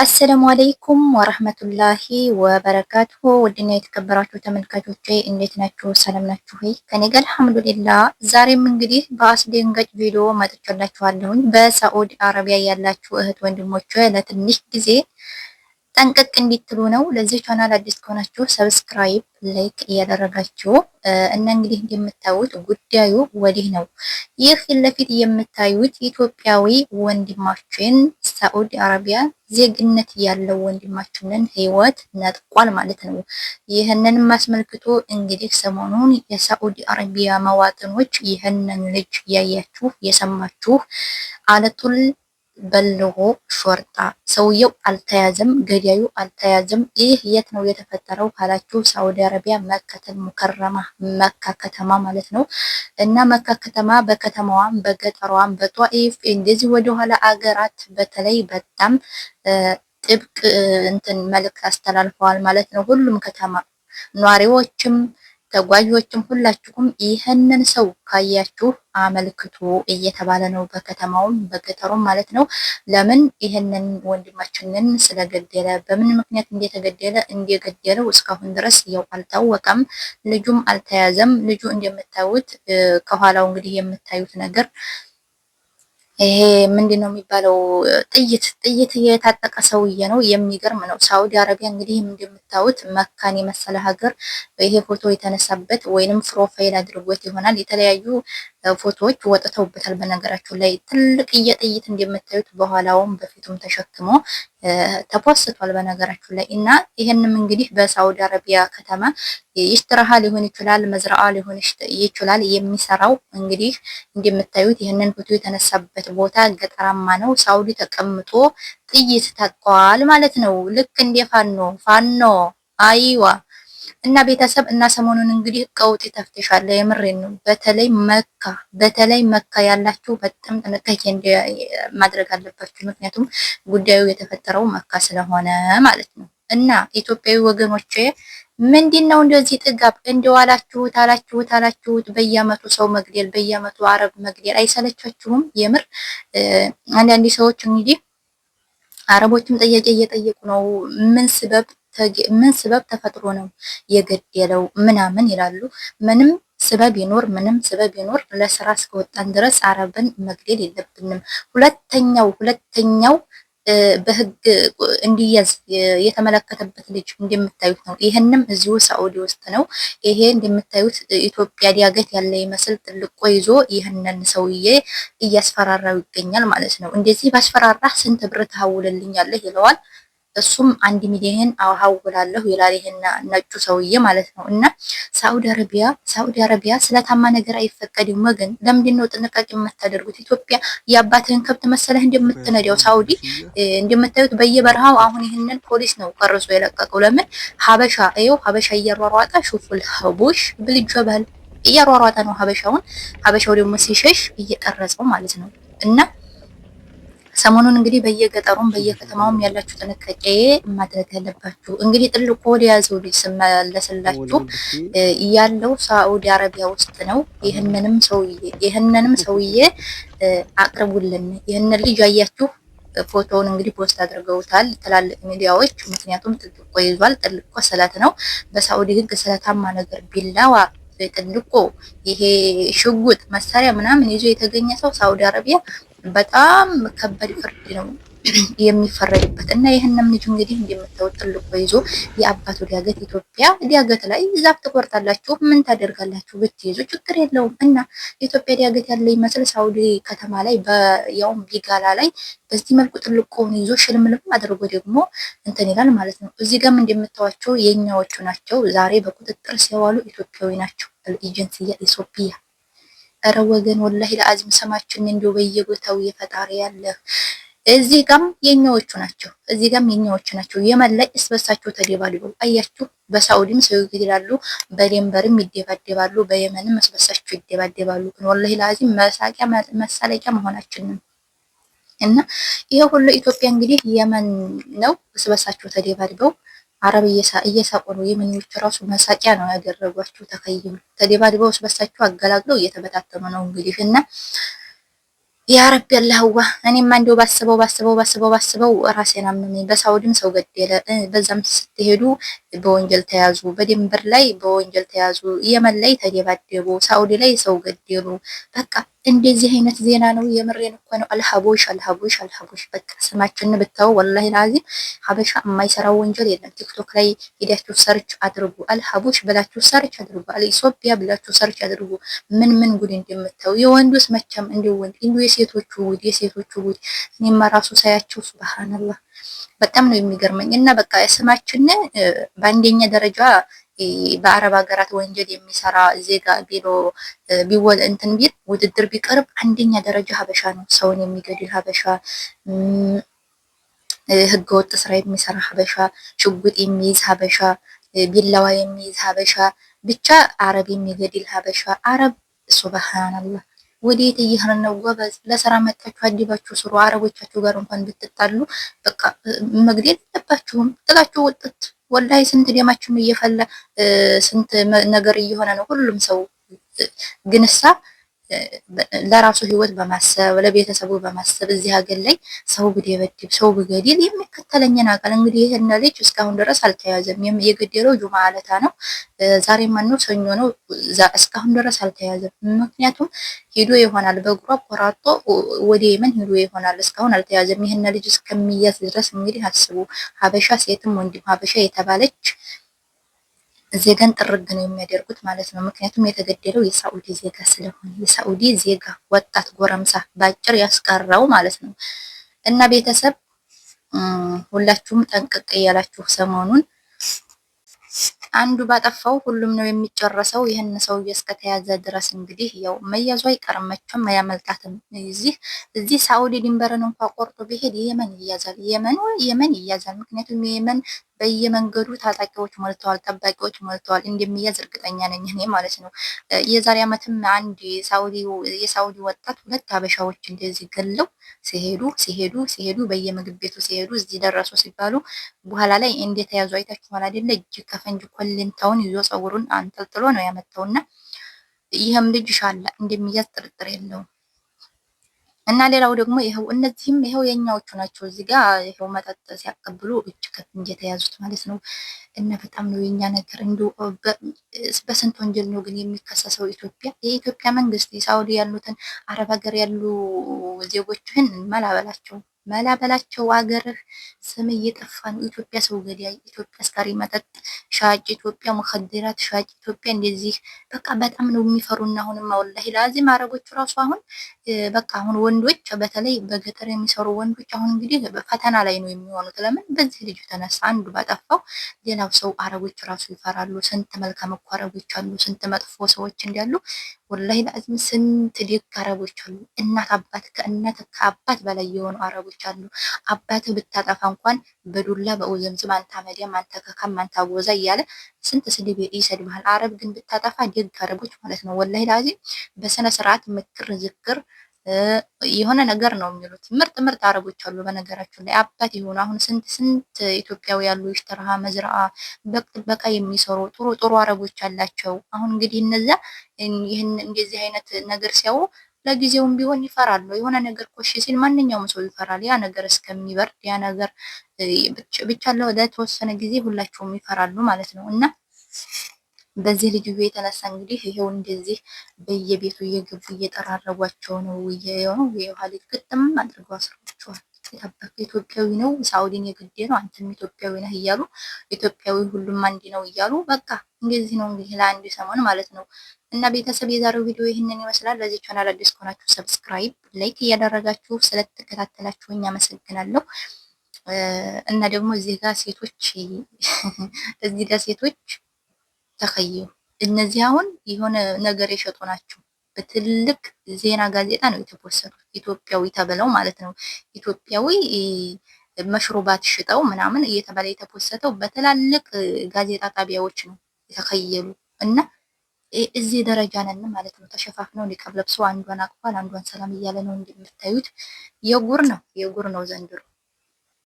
አሰላሙ አለይኩም ወረህመቱላሂ ወበረካቱሁ። ውድና የተከበራችሁ ተመልካቾች እንዴት ናችሁ? ሰላም ናችሁ? ከኔ ጋር አልሐምዱሊላ። ዛሬም እንግዲህ በአስደንጋጭ ቪዲዮ መጥቻላችኋለሁኝ። በሳዑዲ አረቢያ ያላችሁ እህት ወንድሞች ለትንሽ ጊዜ ጠንቀቅ እንዲትሉ ነው። ለዚህ ቻናል አዲስ ከሆናችሁ ሰብስክራይብ፣ ላይክ እያደረጋችሁ እና እንግዲህ እንደምታዩት ጉዳዩ ወዲህ ነው። ይህ ፊት ለፊት የምታዩት ኢትዮጵያዊ ወንድማችን ሳዑዲ አረቢያ ዜግነት ያለው ወንድማችንን ህይወት ነጥቋል ማለት ነው። ይህንንም አስመልክቶ እንግዲህ ሰሞኑን የሳዑዲ አረቢያ መዋጥኖች ይህንን ልጅ ያያችሁ የሰማችሁ አለቱል በልጎ ሾርጣ ሰውየው አልተያዘም፣ ገዳዩ አልተያዘም። ይህ የት ነው የተፈጠረው ካላችሁ ሳውዲ አረቢያ መከተል ሙከረማ መካ ከተማ ማለት ነው። እና መካ ከተማ በከተማዋም በገጠሯም በጧኢፍ እንደዚህ ወደኋላ አገራት በተለይ በጣም ጥብቅ እንትን መልእክት አስተላልፈዋል ማለት ነው። ሁሉም ከተማ ኗሪዎችም ተጓዦችም ሁላችሁም ይህንን ሰው ካያችሁ አመልክቱ እየተባለ ነው። በከተማውም በገጠሩም ማለት ነው። ለምን ይህንን ወንድማችንን ስለገደለ በምን ምክንያት እንደተገደለ እንደገደለው እስካሁን ድረስ ያው አልታወቀም። ልጁም አልተያዘም። ልጁ እንደምታዩት ከኋላው እንግዲህ የምታዩት ነገር ይሄ ምንድን ነው የሚባለው? ጥይት ጥይት የታጠቀ ሰውዬ ነው። የሚገርም ነው። ሳውዲ አረቢያ እንግዲህ እንደምታዩት መካን የመሰለ ሀገር ይሄ ፎቶ የተነሳበት ወይንም ፕሮፋይል አድርጎት ይሆናል የተለያዩ ፎቶዎች ወጥተውበታል። በነገራችሁ ላይ ትልቅዬ ጥይት እንደምታዩት በኋላውም በፊቱም ተሸክሞ ተፖስቷል። በነገራችሁ ላይ እና ይህንም እንግዲህ በሳውዲ አረቢያ ከተማ ይስትራሃ ሊሆን ይችላል፣ መዝራአ ሊሆን ይችላል የሚሰራው እንግዲህ እንደምታዩት ይህንን ፎቶ የተነሳበት ቦታ ገጠራማ ነው። ሳውዲ ተቀምጦ ጥይት ተቋል ማለት ነው። ልክ እንደ ፋኖ ፋኖ አይዋ እና ቤተሰብ እና ሰሞኑን እንግዲህ ቀውጤ ተፍትሻለ። የምሬን ነው። በተለይ መካ በተለይ መካ ያላችሁ በጣም ጥንቃቄ ማድረግ አለባችሁ። ምክንያቱም ጉዳዩ የተፈጠረው መካ ስለሆነ ማለት ነው። እና ኢትዮጵያዊ ወገኖቼ ምንድን ነው እንደዚህ ጥጋብ እንደዋላችሁት አላችሁት አላችሁት በየአመቱ ሰው መግደል በየአመቱ አረብ መግደል አይሰለቻችሁም? የምር አንዳንድ ሰዎች እንግዲህ አረቦችም ጥያቄ እየጠየቁ ነው ምን ስበብ ምን ስበብ ተፈጥሮ ነው የገደለው ምናምን ይላሉ። ምንም ስበብ ይኖር ምንም ስበብ ይኖር ለስራ እስከወጣን ድረስ አረብን መግደል የለብንም። ሁለተኛው ሁለተኛው በህግ እንዲያዝ የተመለከተበት ልጅ እንደምታዩት ነው። ይህንም እዚሁ ሳኡዲ ውስጥ ነው። ይሄ እንደምታዩት ኢትዮጵያ ሊያገት ያለ ይመስል ጥልቆ ይዞ ይህንን ሰውዬ እያስፈራራው ይገኛል ማለት ነው። እንደዚህ ባስፈራራህ ስንት ብር ተሐውልልኛለህ ይለዋል። እሱም አንድ ሚሊዮን አውላለሁ ይላል። ይሄን ነጩ ሰውዬ ማለት ነው። እና ሳውዲ አረቢያ ሳውዲ አረቢያ ስለታማ ነገር አይፈቀድም ወገን። ለምንድን ነው ጥንቃቄ የምታደርጉት? ኢትዮጵያ የአባትህን ከብት መሰለህ እንደምትነዳው ሳውዲ እንደምታዩት በየበረሃው አሁን ይህንን ፖሊስ ነው ቀርሶ የለቀቀው። ለምን ሀበሻ ይኸው ሀበሻ እያሯሯጣ ሹፉል ሀቡሽ ብልጆ ባህል እያሯሯጣ ነው ሀበሻውን ሀበሻው ደግሞ ሲሸሽ እየቀረጸው ማለት ነው እና ሰሞኑን እንግዲህ በየገጠሩም በየከተማውም ያላችሁ ጥንቃቄ ማድረግ ያለባችሁ እንግዲህ ጥልቁ ወደ ያዘው ልጅ ስመለስላችሁ ያለው ሳዑዲ አረቢያ ውስጥ ነው። ይህንንም ሰውዬ ይህንንም ሰውዬ አቅርቡልን። ይህንን ልጅ አያችሁ ፎቶውን እንግዲህ ፖስት አድርገውታል ትላልቅ ሚዲያዎች። ምክንያቱም ጥልቆ ይዟል። ጥልቆ ስለት ነው። በሳዑዲ ህግ ስለታማ ነገር ቢላዋ ጥልቆ ይሄ ሽጉጥ መሳሪያ ምናምን ይዞ የተገኘ ሰው ሳዑዲ አረቢያ በጣም ከባድ ፍርድ ነው የሚፈረድበት እና ይህንም ልጅ እንግዲህ እንደምታወጥ ጥልቆ ይዞ የአባቱ ዲያገት ኢትዮጵያ ዲያገት ላይ ዛፍ ትቆርጣላችሁ፣ ምን ታደርጋላችሁ ብትይዙ ችግር የለውም እና ኢትዮጵያ ዲያገት ያለ ይመስል ሳውዲ ከተማ ላይ በያውም ቢጋላ ላይ በዚህ መልኩ ጥልቆውን ይዞ ሽልምልም አድርጎ ደግሞ እንትን ይላል ማለት ነው። እዚህ ጋም እንደምታዋቸው የኛዎቹ ናቸው ዛሬ በቁጥጥር ሲዋሉ ኢትዮጵያዊ ናቸው። ኤጀንሲያ ኢትዮጵያ ኧረ ወገን ወላሂ ለአዚም ስማችን እንዲሁ በየቦታው እየፈጣሪ ያለ እዚህ ጋም የኛዎቹ ናቸው፣ እዚህ ጋም የኛዎቹ ናቸው። የመን ላይ እስበሳቸው ተደባልበው አያችሁ። በሳኡዲም ሰው ይግድላሉ፣ በደንበርም ይደባደባሉ፣ በየመንም እስበሳቸው ይደባደባሉ። ግን ወላሂ ለአዚም መሳቂያ መሳለቂያ መሆናችንን እና ይሄ ሁሉ ኢትዮጵያ እንግዲህ የመን ነው እስበሳቸው ተደባልበው አረብ እየሳቁ ነው። የመኒዎቹ ራሱ መሳቂያ ነው ያደረጓችሁ። ተከይሉ ተደባድበው ስበሳችሁ አገላግለው እየተበታተኑ ነው እንግዲህ እና የአረብ ያላህዋ እኔማ እንደው ባስበው ባስበው ባስበው ባስበው ራሴን አመመኝ። በሳውዲም ሰው ገደለ። በዛም ስትሄዱ በወንጀል ተያዙ፣ በድንበር ላይ በወንጀል ተያዙ። የመን ላይ ተደባደቡ፣ ሳውዲ ላይ ሰው ገደሉ። በቃ እንደዚህ አይነት ዜና ነው። የምሬን እኮ ነው። አልሀቦሽ አልሀቦሽ አልሀቦሽ በቃ ስማችንን ብታው ወላሂ ላዚም ሀበሻ የማይሰራው ወንጀል የለም። ቲክቶክ ላይ ሄዳችሁ ሰርች አድርጉ፣ አልሀቦሽ ብላችሁ ሰርች አድርጉ፣ አልኢትዮጵያ ብላችሁ ሰርች አድርጉ። ምን ምን ጉድ እንደምታዩ የወንዱስ መቼም እንደ ወንድ እንደ የሴቶቹ ጉድ የሴቶቹ ጉድ እኔማ ራሱ ሳያቸው ሱብሃንአላህ በጣም ነው የሚገርመኝ እና በቃ ስማችን በአንደኛ ደረጃ በአረብ ሀገራት ወንጀል የሚሰራ ዜጋ ቢሎ ቢወል እንትን ቢል ውድድር ቢቀርብ አንደኛ ደረጃ ሀበሻ ነው። ሰውን የሚገድል ሀበሻ፣ ህገወጥ ስራ የሚሰራ ሀበሻ፣ ሽጉጥ የሚይዝ ሀበሻ፣ ቢላዋ የሚይዝ ሀበሻ፣ ብቻ አረብ የሚገድል ሀበሻ። አረብ ሱብሃናላህ ወዴት እየሄድን ነው? ጎበዝ ለስራ መጣችሁ አዲባችሁ ስሩ። አረቦቻችሁ ጋር እንኳን ብትጣሉ በቃ መግደል የለባችሁም። ጥላችሁ ወጥት ወላይ ስንት ደማችሁም እየፈላ ስንት ነገር እየሆነ ነው ሁሉም ሰው ግንሳ ለራሱ ህይወት በማሰብ ለቤተሰቡ በማሰብ እዚህ ሀገር ላይ ሰው ብደበድብ ሰው ብገድል የሚከተለኝን አቃል እንግዲህ ይህን ልጅ እስካሁን ድረስ አልተያዘም። የገደለው ጁማ አለታ ነው። ዛሬ ማነው ሰኞ ነው። እስካሁን ድረስ አልተያዘም። ምክንያቱም ሂዶ ይሆናል በእግሯ ቆራጦ ወደ የመን ሂዶ ይሆናል። እስካሁን አልተያዘም። ይህን ልጅ እስከሚያዝ ድረስ እንግዲህ አስቡ። ሀበሻ ሴትም ወንድም ሀበሻ የተባለች ዜጋን ጥርግ ነው የሚያደርጉት ማለት ነው። ምክንያቱም የተገደለው የሳውዲ ዜጋ ስለሆነ የሳውዲ ዜጋ ወጣት ጎረምሳ ባጭር ያስቀረው ማለት ነው። እና ቤተሰብ ሁላችሁም ጠንቅቅ እያላችሁ ሰሞኑን አንዱ ባጠፋው ሁሉም ነው የሚጨረሰው። ይህን ሰውዬ እስከተያዘ ድረስ እንግዲህ ያው መያዙ አይቀርም መቼም አያመልጣትም። እዚህ እዚህ ሳዑዲ ድንበርን እንኳ ቆርጦ ቢሄድ የመን ይያዛል፣ የመን የመን ይያዛል። ምክንያቱም የመን በየመንገዱ ታጣቂዎች ሞልተዋል፣ ጠባቂዎች ሞልተዋል። እንደሚያዝ እርግጠኛ ነኝ እኔ ማለት ነው። የዛሬ ዓመትም አንድ የሳውዲ ወጣት ሁለት አበሻዎች እንደዚህ ገለው ሲሄዱ ሲሄዱ ሲሄዱ በየምግብ ቤቱ ሲሄዱ እዚህ ደረሱ ሲባሉ በኋላ ላይ እንደተያዙ አይታችኋል አይደለ? እጅ ከፈንጅ ኮልንታውን ይዞ ፀጉሩን አንጠልጥሎ ነው ያመጣውና ይህም ልጅ ሻላ እንደሚያዝ ጥርጥር የለውም። እና ሌላው ደግሞ ይኸው እነዚህም ይኸው የኛዎቹ ናቸው። እዚህ ጋር ይኸው መጠጥ ሲያቀብሉ እጅ ከፍንጅ የተያዙት ማለት ነው። እና በጣም ነው የኛ ነገር እንዲ በስንት ወንጀል ነው ግን የሚከሰሰው ኢትዮጵያ። የኢትዮጵያ መንግስት፣ ሳውዲ ያሉትን አረብ ሀገር ያሉ ዜጎችህን መላበላቸው መላበላቸው በላቸው አገርህ ስም ነው ኢትዮጵያ ሰው ገዳይ፣ ኢትዮጵያ አስካሪ መጠጥ ሻጭ፣ ኢትዮጵያ ሙኸድራት ሻጭ፣ ኢትዮጵያ እንደዚህ በቃ በጣም ነው የሚፈሩና አሁንም ወላሂ ላዚም አረቦቹ ራሱ አሁን በቃ አሁን ወንዶች በተለይ በገጠር የሚሰሩ ወንዶች አሁን እንግዲህ ፈተና ላይ ነው የሚሆኑት። ለምን በዚህ ልጅ ተነሳ አንዱ ባጠፋው ሌላው ሰው አረቦች ራሱ ይፈራሉ። ስንት መልካም እኮ አረቦች አሉ፣ ስንት መጥፎ ሰዎች እንዳሉ ወላሂ ለአዝም ስንት ደግ አረቦች አሉ። እናት አባት ከእናት ከአባት በላይ የሆኑ አረቦች አሉ። አባት ብታጠፋ እንኳን በዱላ በውዝምዝም አንተ መዲያም አንተ ከካም አንተ አቦዛ እያለ ስንት ስድብ ይሰድብሃል። አረብ ግን ብታጠፋ ደግ አረቦች ማለት ነው። ወላሂ ለአዝም በስነ ስርዓት ምክር ዝክር የሆነ ነገር ነው የሚሉት። ምርጥ ምርጥ አረቦች አሉ በነገራችን ላይ አባት የሆኑ አሁን ስንት ስንት ኢትዮጵያዊ ያሉ ይሽተርሃ መዝርአ በግ ጥበቃ የሚሰሩ ጥሩ ጥሩ አረቦች አላቸው። አሁን እንግዲህ እነዚያ ይህን እንደዚህ አይነት ነገር ሲያዩ ለጊዜውም ቢሆን ይፈራሉ። የሆነ ነገር ኮሽ ሲል ማንኛውም ሰው ይፈራል። ያ ነገር እስከሚበርድ ያ ነገር ብቻ ለተወሰነ ጊዜ ሁላቸውም ይፈራሉ ማለት ነው እና በዚህ ልጅ የተነሳ እንግዲህ ይሄው እንደዚህ በየቤቱ እየገቡ እየጠራረጓቸው ነው። ይሄው ነው የውሃ ልጅ ግጥም አድርገው አስሯቸዋል። ኢትዮጵያዊ ነው ሳውዲን የግዴ ነው አንተም ኢትዮጵያዊ ነህ እያሉ ኢትዮጵያዊ ሁሉም አንድ ነው እያሉ በቃ እንደዚህ ነው እንግዲህ ለአንድ ሰሞን ማለት ነው። እና ቤተሰብ የዛሬው ቪዲዮ ይህንን ይመስላል። ለዚህ ቻናል አዲስ ከሆናችሁ ሰብስክራይብ፣ ላይክ እያደረጋችሁ ስለተከታተላችሁኝ አመሰግናለሁ። እና ደግሞ እዚህ ጋር ሴቶች እዚህ ጋር ሴቶች ተኸይሉ እነዚህ አሁን የሆነ ነገር የሸጡ ናቸው። በትልቅ ዜና ጋዜጣ ነው የተወሰዱት። ኢትዮጵያዊ ተብለው ማለት ነው። ኢትዮጵያዊ መሽሩባት ሽጠው ምናምን እየተባለ የተፖሰተው በትላልቅ ጋዜጣ ጣቢያዎች ነው የተከየሉ እና እዚህ ደረጃ ነን ማለት ነው። ተሸፋፍነው ነው ሊቀብለብሰው አንዷን አቅፏል፣ አንዷን ሰላም እያለ ነው እንደምታዩት። የጉር ነው የጉር ነው ዘንድሮ።